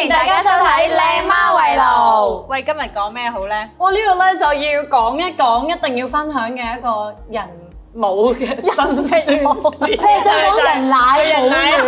歡迎大家收睇《靚媽圍爐》。喂，今日講咩好咧？我、哦這個、呢個咧就要講一講一定要分享嘅一個人。冇嘅心酸，即係人奶奶，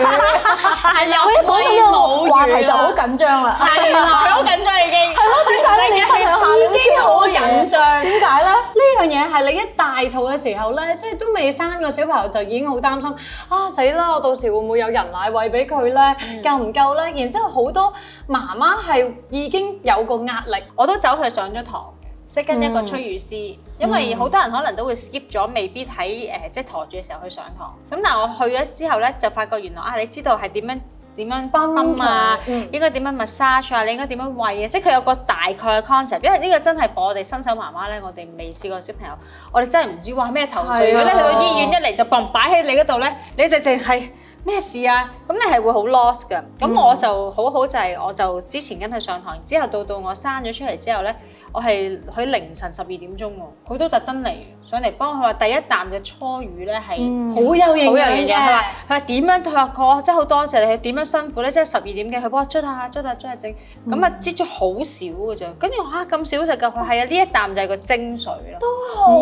冇，冇一講呢個話題就好緊張啦，佢好緊張已經，係咯，點解咧？已經好緊張，點解咧？呢樣嘢係你一大肚嘅時候咧，即係都未生個小朋友就已經好擔心啊！死啦，我到時會唔會有人奶餵俾佢咧？夠唔夠咧？然之後好多媽媽係已經有個壓力，我都走去上咗堂。即跟一個催乳師，嗯、因為好多人可能都會 skip 咗，未必喺誒即陀住嘅時候去上堂。咁但係我去咗之後咧，就發覺原來啊，你知道係點樣點樣泵啊，泡泡嗯、應該點樣 massage 啊，你應該點樣餵啊，即佢有個大概嘅 concept。因為呢個真係幫我哋新手媽媽咧，我哋未試過小朋友，我哋真係唔知話咩頭緒，啊。咁咧去到醫院一嚟就嘣擺喺你嗰度咧，你就淨係咩事啊？咁你係會好 lost 㗎，咁我就好好就係，我就之前跟佢上堂，之後到到我生咗出嚟之後咧，我係喺凌晨十二點鐘喎，佢都特登嚟上嚟幫我，佢話第一啖嘅初乳咧係好有營養嘅，佢話佢話點樣托過，即係好多謝你，點樣辛苦咧，即係十二點幾佢幫我捽下捽下捽下整，咁啊擠咗好少㗎啫，跟住嚇咁少就夾佢係啊，呢一啖就係個精髓咯，都好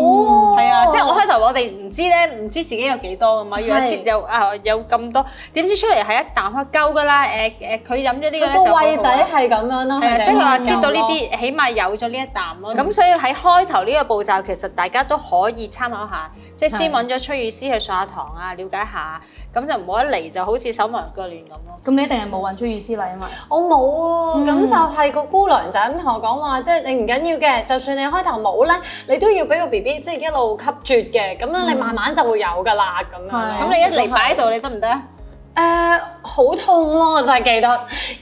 係啊，即係我開頭我哋唔知咧，唔知自己有幾多㗎嘛，原來擠有啊有咁多，點知出嚟？係一啖開鳩噶啦，誒誒，佢飲咗呢個就個胃仔係咁樣咯，係啊，即係佢話知道呢啲，起碼有咗呢一啖咯。咁所以喺開頭呢個步驟，其實大家都可以參考下，即係先揾咗催乳師去上下堂啊，了解下，咁就唔好一嚟就好似手忙腳亂咁咯。咁你一定係冇揾催乳師啦，因為我冇啊，咁就係個姑娘就咁同我講話，即係你唔緊要嘅，就算你開頭冇咧，你都要俾個 BB 即係一路吸啜嘅，咁樣你慢慢就會有噶啦，咁樣。咁你一嚟擺喺度，你得唔得？誒好、uh, 痛咯！我真係記得，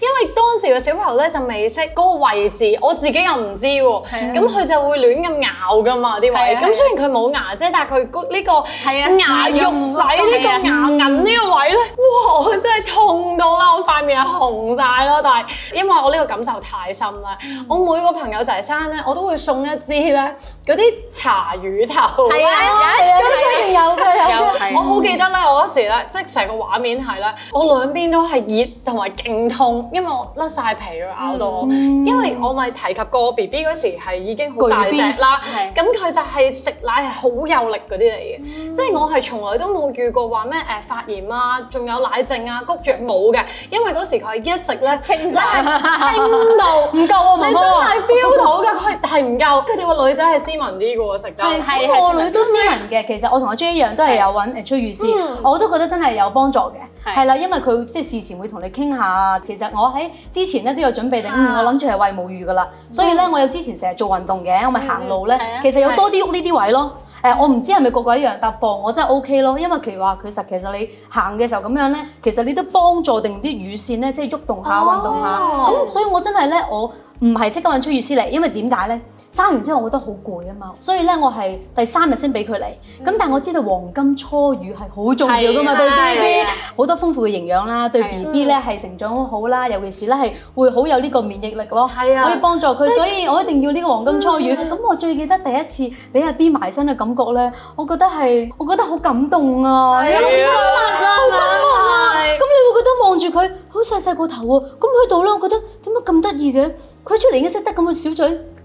因為當時個小朋友咧就未識嗰個位置，我自己又唔知喎，咁佢，啊，就會亂咁咬噶嘛啲位。咁，啊，雖然佢冇牙啫，但係佢呢個，係啊，牙肉仔，呢，啊，個牙齦呢個，個位咧，嗯，哇！真係痛到～塊面係紅晒咯，但係因為我呢個感受太深啦，嗯、我每個朋友就係生咧，我都會送一支咧嗰啲茶乳頭。係啊係啊，都一定、oh、Yes! 有嘅 Yes! 有，的有的。Yes. 我好記得咧， 我嗰時咧，即係成個畫面係咧，我兩邊都係熱同埋勁痛，因為我甩晒皮啊咬到我。因為我咪提及過 B B 嗰時係已經好大隻啦，咁佢就係、是、食奶係好有力嗰啲嚟嘅，即係、嗯、我係從來都冇遇過話咩誒發炎啊，仲有奶症啊，谷住冇嘅。因為嗰時佢一食咧，清真係清到唔夠啊，你真係 feel 到㗎，佢係唔夠。佢哋個女仔係斯文啲嘅，食得。係係，我女都斯文嘅，其實我同阿 J 一樣都係有揾誒催乳師，我都覺得真係有幫助嘅。係啦，因為佢即係事前會同你傾下。其實我喺之前咧都有準備定，我諗住係餵母乳㗎啦。所以咧，我有之前成日做運動嘅，我咪行路咧。其實有多啲喐呢啲位咯。誒，我唔知係咪個個一樣搭貨，房我真係 O K 咯，因為其實你行嘅時候咁樣咧，其實你都幫助定啲乳腺咧，即係喐動，動一下運動一下，咁、哦嗯、所以我真係咧我。唔係即刻揾初乳嚟，因為點解咧？生完之後我覺得好攰啊嘛，所以咧我係第三日先俾佢嚟。咁但係我知道黃金初乳係好重要噶嘛，對 B B 好多豐富嘅營養啦，對 B B 咧係成長好好啦，尤其是咧係會好有呢個免疫力咯，可以幫助佢。所以我一定要呢個黃金初乳。咁我最記得第一次俾阿 B 埋身嘅感覺咧，我覺得係我覺得好感動啊！好親密啊！親密啊！咁你會覺得望住佢好細細個頭喎。咁去到咧，我覺得點解咁得意嘅？佢出嚟依家識得咁嘅小嘴。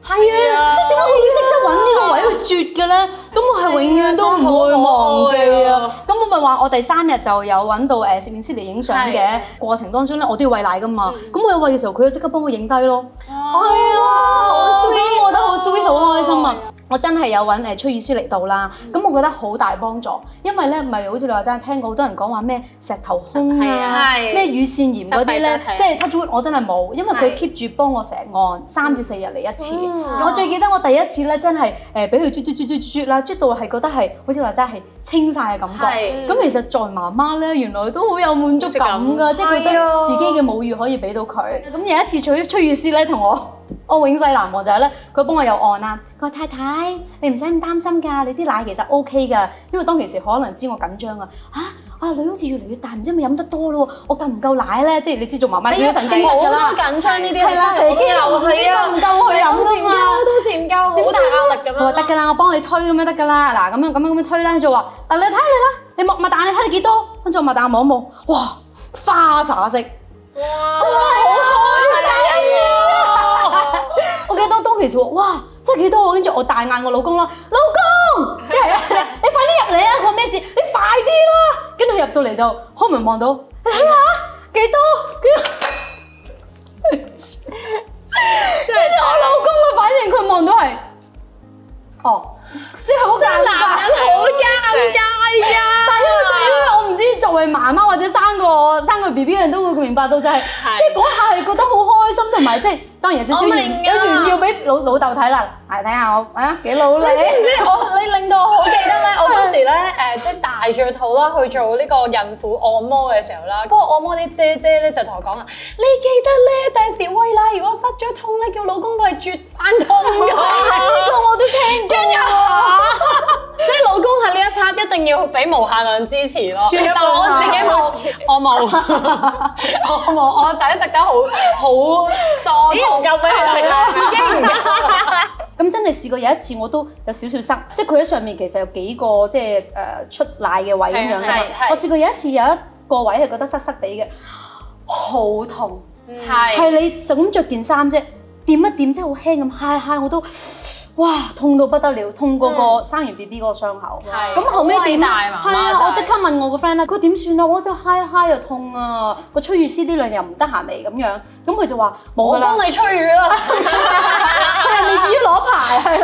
係啊！即係點解佢會識得揾呢個位去絕嘅咧？咁我係永遠都唔會忘記啊！咁我咪話我第三日就有揾到誒攝影師嚟影相嘅過程當中咧，我都要餵奶噶嘛。咁我有餵嘅時候，佢就即刻幫我影低咯。係啊，好 sweet！我覺得好 sweet，好開心啊！我真係有揾誒崔雨舒嚟到啦。咁我覺得好大幫助，因為咧唔係好似你話齋，聽過好多人講話咩石頭胸啊、咩乳腺炎嗰啲咧，即係 touch wood 我真係冇，因為佢 keep 住幫我成按三至四日嚟一次。我最記得我第一次咧，真係誒俾佢啜啜啜啜啜啦，啜到係覺得係好似話真係清晒嘅感覺。咁是其實在媽媽咧，原來都好有滿足感噶，即係覺得自己嘅母乳可以俾到佢。咁、啊、有一次娶催乳師咧，同我我永世難忘就係、是、咧，佢幫我揉按啊！佢話：太太，你唔使咁擔心㗎，你啲奶其實 O K 㗎，因為當其時可能知我緊張啊嚇。啊女好似越嚟越大，唔知咪飲得多咯，我夠唔夠奶咧？即係你知做媽媽最神經㗎啦，緊張呢啲啊，成日驚唔知夠唔夠去飲先啊！到時唔夠，好大壓力咁樣。我話得㗎啦，我幫你推咁樣得㗎啦。嗱，咁樣咁樣咁樣推啦，跟住話嗱你睇下你啦，你擘擘蛋你睇你幾多？跟住我擘蛋望一望，哇花灑色！哇，真係好開心。我記得當其時話哇，真係幾多？跟住我大嗌我老公啦，老公，即係你快啲入嚟啊！講咩事？你快啲啦！跟住佢入到嚟就開門望到吓幾多？跟住 真是 我老公啊，反應佢望到係哦，即係好尷尬，好尷尬呀！是尬但係因為我唔知道作為媽媽或者生過生過 B B 嘅人都會明白到，就是，是就係即係嗰下係覺得好開心同埋即當然，有完、啊、要俾老老豆睇啦，嚟睇下我啊幾努力。老 你知唔知我？你令到我好記得咧，我嗰時咧誒是、呃，即係大住肚啦，去做呢個孕婦按摩嘅時候啦。 不過按摩啲姐姐咧就同我講啊，你記得咧，第時餵奶如果塞咗痛咧，叫老公幫你啜翻通。」呢 個我都聽緊呀，即係老公喺呢一 part 一定要俾無限量支持咯。我自己冇，我冇，我冇，我仔食得好好爽。唔夠俾佢食啦，已經唔夠啦！咁真係試過有一次我都有少少塞。即係佢喺上面其實有幾個即係誒、呃、出奶嘅位咁樣，是我試過有一次有一個位係覺得塞塞地嘅，好痛，係是你就咁着件衫啫，掂一掂即係好輕咁，嗨、哎、嗨、哎、我都。哇，痛到不得了，痛過個生完 B B 嗰個傷口。係的，咁後尾點啊？我即啦媽刻問我個 friend 啦，佢點算啊？我真係嗨一嗨又痛啊，個催乳師呢兩日又唔得閒嚟咁樣，咁、嗯、佢就話：沒我幫你催乳 啦，你至於攞牌係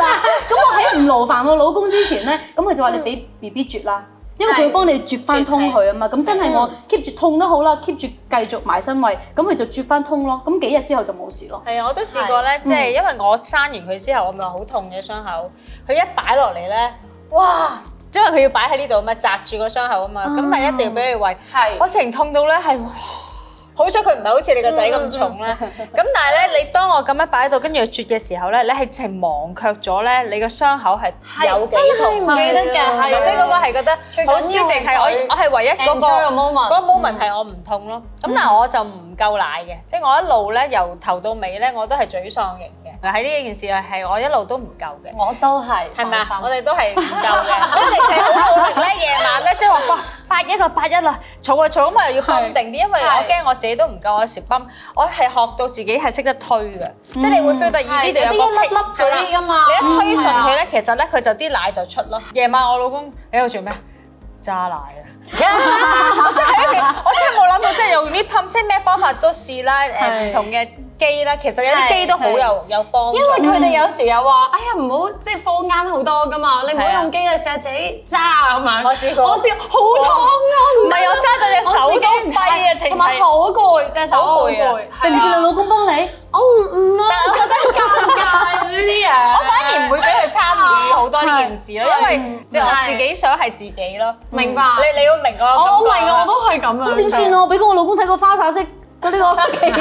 我喺唔勞煩我老公之前咧，咁佢 就話：你俾 B B 絕啦。因為佢會幫你啜翻通佢啊嘛，咁命真係我 keep 住痛都好啦，keep 住繼續埋身餵，咁佢就啜翻通咯，咁幾日之後就冇事咯。係啊，我都試過咧，即係是因為我生完佢之後，我咪好痛嘅傷口，佢一擺落嚟咧，哇！因為佢要擺喺呢度啊嘛，扎住個傷口啊嘛，咁、啊、但係一定要俾佢餵，是我情痛到咧係。好彩佢唔係好似你個仔咁重啦，咁但係咧，你當我咁樣擺喺度，跟住啜嘅時候咧，你係淨忘卻咗咧，你個傷口係有痛，真係唔記得嘅，係。或者嗰個係覺得好舒靜，係我我係唯一嗰個嗰個 moment 係我唔痛咯。咁但係我就唔夠奶嘅，即係我一路咧由頭到尾咧我都係沮喪型嘅，喺呢件事係我一路都唔夠嘅。我都係，係咪啊？我哋都係唔夠嘅，即係好努力咧，夜晚咧即係話哇八一啦八一啦，儲啊儲，咁又要安定啲，因為我驚我自己。你都唔夠我食，冰，我係學到自己係識得推嘅。嗯、即係你會 feel 到耳邊就有啲粒粒嗰啲啊嘛，你一推順佢咧，的其實咧佢就啲奶就出咯。夜、嗯、晚我老公你喺度做咩？揸奶啊！我真係，我真係冇諗過，即係用啲泡，即係咩方法都試啦。誒，唔同嘅機啦，其實有啲機都好有有幫助。因為佢哋有時又話：哎呀，唔好即係方間好多噶嘛，你唔好用機啊，成日自己揸咁嘛。我試過，我試過好痛啊！唔係我揸到隻手都痹啊，同埋好攰，隻手攰啊！你叫你老公幫你？我唔唔啊！但係我覺得尷尬呢啲嘢，我反而唔會俾佢參與好多呢件事咯，因為即係我自己想係自己咯。明白，嗯、你你要明啊！我明啊，我都係咁啊。咁點算啊？我俾個我老公睇個花灑式嗰啲浪漫奇景，係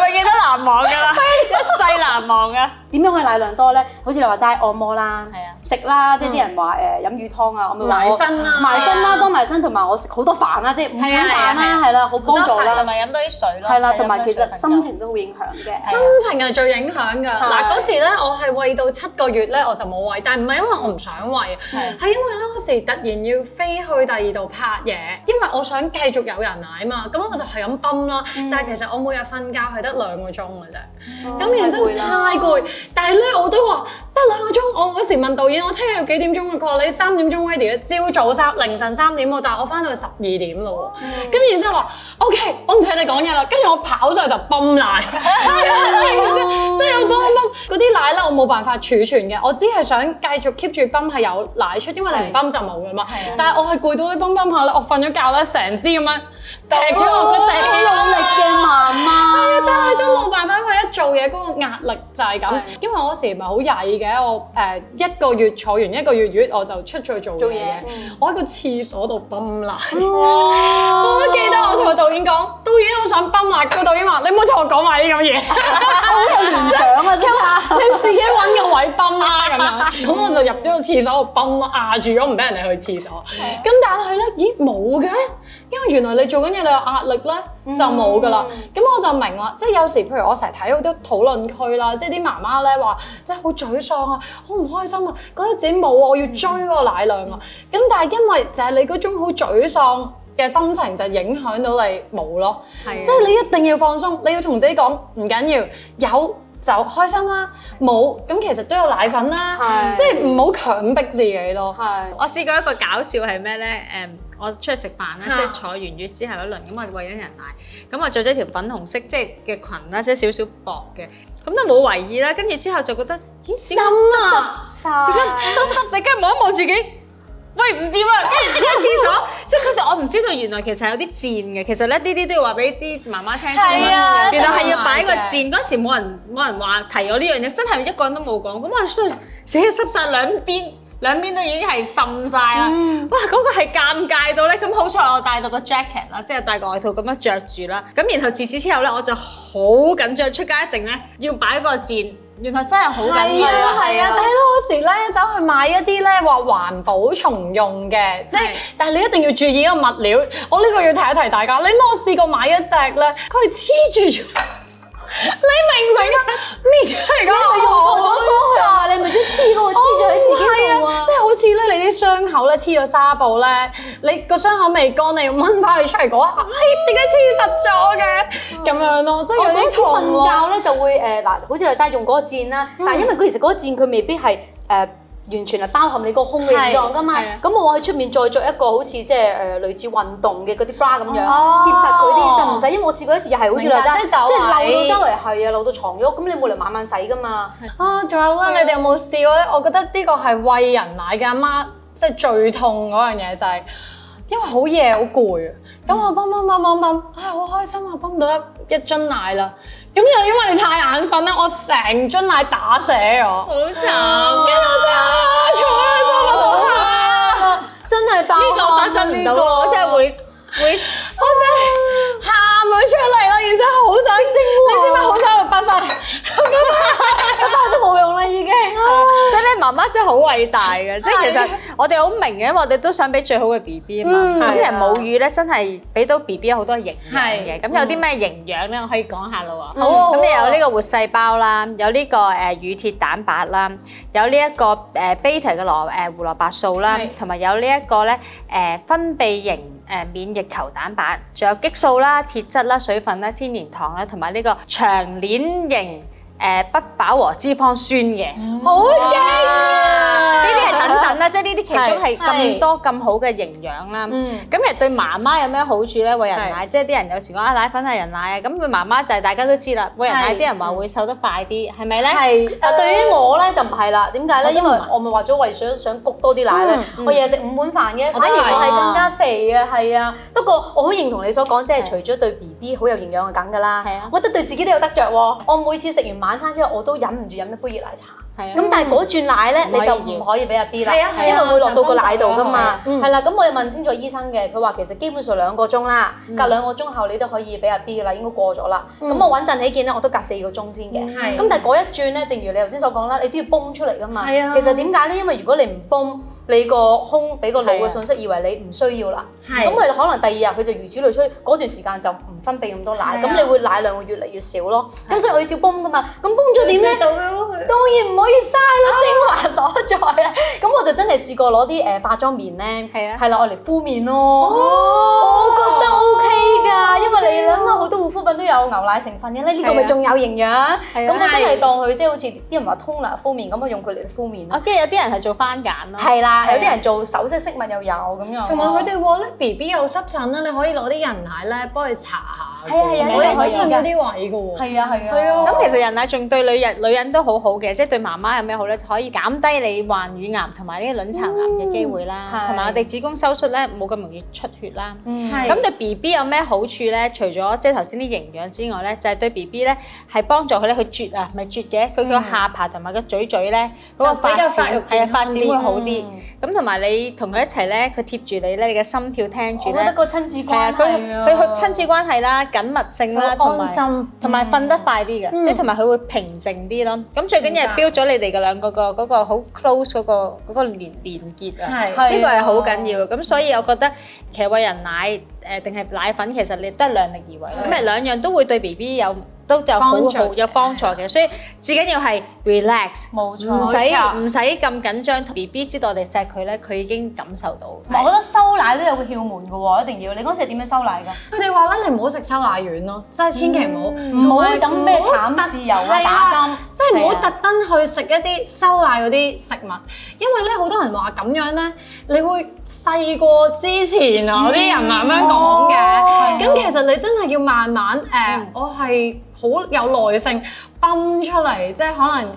咪記得難忘㗎喇？啊、一世難忘啊！點哈樣可以奶量多呢？好似你話齋按摩啦。 食啦，即係啲人話誒飲魚湯啊，我咪話埋身啦，埋身啦，多埋身同埋我食好多飯啦，即係五碗飯啦，係啦，好幫助啦，同埋飲多啲水咯，係啦，同埋其實心情都好影響嘅，心情係最影響㗎。嗱，嗰時咧，我係餵到七個月咧，我就冇餵，但係唔係因為我唔想餵，係因為咧嗰時突然要飛去第二度拍嘢，因為我想繼續有人奶嘛，咁我就係咁泵啦。但係其實我每日瞓覺係得兩個鐘嘅啫，咁然之後太攰，但係咧我都話得兩個鐘，我嗰時問導我聽日要幾點鐘嘅課？你三點鐘 ready？朝早三，凌晨三點，我我點，但係我翻到去十二點咯喎。咁然之後話 OK，我唔同你哋講嘢啦。跟住我跑上去就泵奶，即係我泵泵嗰啲奶咧，我冇辦法儲存嘅。我只係想繼續 keep 住泵係有奶出，因為你唔泵就冇㗎嘛。嗯、但係我係攰到啲泵泵下咧，我瞓咗覺啦，成支咁樣。踢咗我個地好努力嘅媽媽，係啊，但係都冇辦法，因一做嘢嗰個壓力就係咁。因為我嗰時唔係好曳嘅，我誒一個月坐完一個月月，我就出去做做嘢事。我喺個廁所度泵喇，哇我都記得我同個導演講，導演好想泵喇。個導演話：你唔好同我講埋呢咁嘢，好 有幻想啊！即係話 你自己揾個位泵啦咁樣。咁 我就入咗個廁所度泵啊，壓住咗唔俾人哋去廁所。咁、啊、 但係咧，咦冇嘅。因為原來你做緊嘢，你有壓力咧就冇噶啦。咁、mm hmm. 我就明啦，即係有時譬如我成日睇好多討論區啦，即係啲媽媽咧話，即係好沮喪啊，好唔開心啊，覺得自己冇啊，我要追個奶量啊。咁、mm hmm. 但係因為就係你嗰種好沮喪嘅心情，就影響到你冇咯。Mm hmm. 即係你一定要放鬆，你要同自己講唔緊要，有。就開心啦，冇咁其實都有奶粉啦，是即係唔好強逼自己咯。是我試過一個搞笑係咩咧？誒、um，我出去食飯啦，即係 坐完月之後一輪，咁我餵咗人奶，咁我着咗條粉紅色即係嘅裙啦，即係少少薄嘅，咁都冇違意啦。跟住之後就覺得，咦、欸，濕啊，點解濕濕哋？點解望一望自己？喂唔掂啊！跟住即刻去廁所，即係 其實我唔知道原來其實有啲箭嘅。其實咧呢啲都要話俾啲媽媽聽先啦。原來係要擺個箭。嗰 時冇人冇人話提我呢樣嘢，真係一個人都冇講。咁我衰死寫濕曬兩邊，兩邊都已經係滲晒啦。 哇！嗰、嗰個係尷尬到咧。咁好彩我帶到個 jacket 啦，即係帶個外套咁樣着住啦。咁然後自此之後咧，我就好緊張出街，一定咧要擺個箭。原來真係好緊要啊，係啊，睇、啊、到嗰時咧走去買一啲咧話環保重用嘅，即係是但係你一定要注意嗰個物料。我呢個要提一提大家，你冇試過買一隻咧，佢係黐住咗， 你明唔明啊？咩嚟㗎？你用錯咗啊！你唔知。傷口咧黐咗紗布咧，你個傷口未乾，你掹翻佢出嚟嗰一刻，點解黐實咗嘅？咁樣咯，即係有啲瞓覺咧就會誒嗱，好似你齋用嗰個墊啦，但係因為佢其實嗰個墊佢未必係誒完全係包含你個胸嘅形狀噶嘛，咁我喺出面再著一個好似即係誒類似運動嘅嗰啲 bra 咁樣貼實佢啲，就唔使。因為我試過一次又係好似你齋，即係漏到周圍係啊漏到床褥，咁你冇嚟晚晚洗噶嘛。啊，仲有啦，你哋有冇試過咧？我覺得呢個係餵人奶嘅阿媽。即係最痛嗰樣嘢就係，因為好夜好攰啊，咁、嗯嗯、我泵泵泵泵泵，啊、哎、好開心啊泵到一一樽奶啦，咁又因為你太眼瞓咧，我成樽奶打死我，好慘、啊哎！跟住我真係坐喺度真係、這個、打我！呢個打上唔到我，我真係會會，我真係喊佢出嚟咯，然之後好想知，你知解好想用白飯？咁我都冇用啦，已經。所以咧，媽媽真係好偉大嘅。即係的其實我哋好明嘅，因為我哋都想俾最好嘅 B B 啊嘛。咁其實母乳咧，真係俾到 B B 好多營養嘅。咁的有啲咩營養咧？嗯、我可以講下咯。好。咁你有呢個活細胞啦，有呢個誒乳鐵蛋白啦，有呢一個誒 beta 嘅蘿誒胡蘿蔔素啦，同埋的有呢一個咧誒分泌型誒免疫球蛋白，仲有激素啦、鐵質啦、水分啦、天然糖啦，同埋呢個長鏈型。誒不飽和脂肪酸嘅，好驚啊！呢啲係等等啦，即係呢啲其中係咁多咁好嘅營養啦。咁其實對媽媽有咩好處咧？餵人奶，即係啲人有時講啊，奶粉係人奶啊。咁佢媽媽就係大家都知啦，餵人奶啲人話會瘦得快啲，係咪咧？係。誒對於我咧就唔係啦，點解咧？因為我咪話咗為想想谷多啲奶咧，我日日食五碗飯嘅，反而我係更加肥啊，係啊。不過我好認同你所講，即係除咗對 B B 好有營養係梗㗎啦，我覺得對自己都有得著喎。我每次食完晚。晚餐之後我都忍唔住飲一杯熱奶茶。咁但係嗰轉奶咧，你就唔可以俾阿 B 啦，因為會落到個奶度噶嘛。係啦，咁我又問清楚醫生嘅，佢話其實基本上兩個鐘啦，隔兩個鐘後你都可以俾阿 B 噶啦，應該過咗啦。咁我穩陣起見咧，我都隔四個鐘先嘅。咁但係嗰一轉咧，正如你頭先所講啦，你都要泵出嚟噶嘛。其實點解咧？因為如果你唔泵，你個胸俾個腦嘅信息以為你唔需要啦。咁佢可能第二日佢就如此類推，嗰段時間就唔分泌咁多奶，咁你會奶量會越嚟越少咯。咁所以我要照泵噶嘛。咁泵咗點咧？當然唔可以。嘥咯，精華所在啊！咁我就真係試過攞啲誒化妝棉咧，係啊，係啦，嚟敷面咯。哦，我覺得 OK 㗎，因為你諗下，好多護膚品都有牛奶成分嘅，呢個咪仲有營養。係啊，咁我真係當佢即係好似啲人話通納敷面咁啊，用佢嚟敷面啊。跟住有啲人係做番鹼咯，係啦，有啲人做首飾飾物又有咁樣。同埋佢哋咧，B B 又濕疹啦，你可以攞啲人奶咧幫佢搽下。係啊係啊，可以仲有啲位㗎喎。係啊係啊。係咯。咁其實人奶仲對女人女人都好好嘅，即係對媽。媽媽有咩好咧？就可以減低你患乳癌同埋呢個卵巢癌嘅機會啦，同埋我哋子宮收縮咧冇咁容易出血啦。咁對 B B 有咩好處咧？除咗即係頭先啲營養之外咧，就係對 B B 咧係幫助佢咧去絕啊，咪絕嘅，佢個下巴同埋個嘴嘴咧，咁個發係啊發展會好啲。咁同埋你同佢一齊咧，佢貼住你咧，你嘅心跳聽住，我覺得個親子關係啊，佢佢親子關係啦，緊密性啦，安心，同埋瞓得快啲嘅，即係同埋佢會平靜啲咯。咁最緊要係標咗。你哋嘅兩個個嗰個好 close 嗰個嗰個連連結啊，呢是個係好緊要。咁的所以我覺得，餵人奶誒定係奶粉，其實你都係量力而為。的即係兩樣都會對 B B 有。都有好好有幫助嘅，所以最緊要係 relax，冇錯，唔使唔使咁緊張。B B 知道我哋錫佢咧，佢已經感受到。我覺得收奶都有個竅門㗎喎，一定要。你嗰陣時點樣收奶㗎？佢哋話咧，你唔好食收奶丸咯，真係千祈唔好，唔好咁咩淡豉油啊打針，即係唔好特登去食一啲收奶嗰啲食物，因為咧好多人話咁樣咧，你會細過之前啊啲人慢慢講嘅。咁其實你真係要慢慢誒，我係。好有耐性。泵出嚟，即係可能誒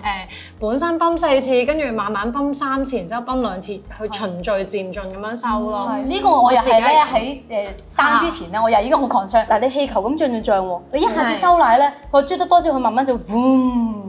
本身泵四次，跟住慢慢泵三次，然之後泵兩次，去循序漸進咁樣收咯。呢個我又係咧喺誒生之前咧，我又已經好狂張。嗱，你氣球咁漲漲漲，你一下子收奶咧，我啜得多之後，佢慢慢就 boom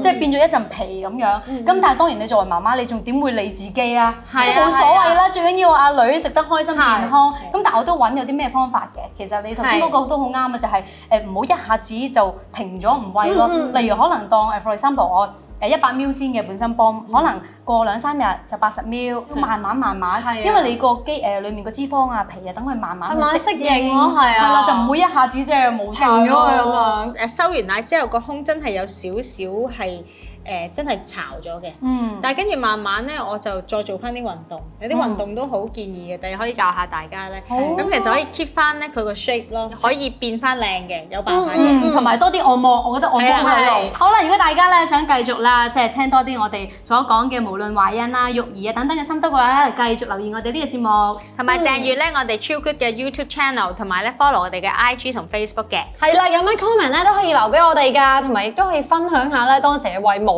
即係變咗一陣皮咁樣。咁但係當然你作為媽媽，你仲點會理自己啊？即冇所謂啦，最緊要阿女食得開心健康。咁但係我都揾有啲咩方法嘅。其實你頭先嗰個都好啱啊，就係誒唔好一下子就停咗唔喂咯。例如可能當誒 for example 我誒一百 ml 先嘅，本身泵，可能過兩三日就八十 ml，慢慢慢慢，因為你個肌誒裡面個脂肪啊皮啊，等佢慢慢去適應咯，係啊，就唔會一下子即係冇咗佢咁樣。誒收完奶之後個胸真係有少少係。誒真係巢咗嘅，但係跟住慢慢咧，我就再做翻啲運動，有啲運動都好建議嘅，大家可以教下大家咧。咁其實可以 keep 翻咧佢個 shape 咯，可以變翻靚嘅，有辦法嘅。同埋多啲按摩，我覺得按摩好咯。啦，好啦，如果大家咧想繼續啦，即係聽多啲我哋所講嘅無論懷孕啊、育兒啊等等嘅心得嘅話咧，繼續留意我哋呢個節目，同埋訂閱咧我哋超 good 嘅 YouTube channel，同埋咧 follow 我哋嘅 IG 同 Facebook 嘅。係啦，有咩 comment 咧都可以留俾我哋㗎，同埋亦都可以分享下咧當時嘅餵母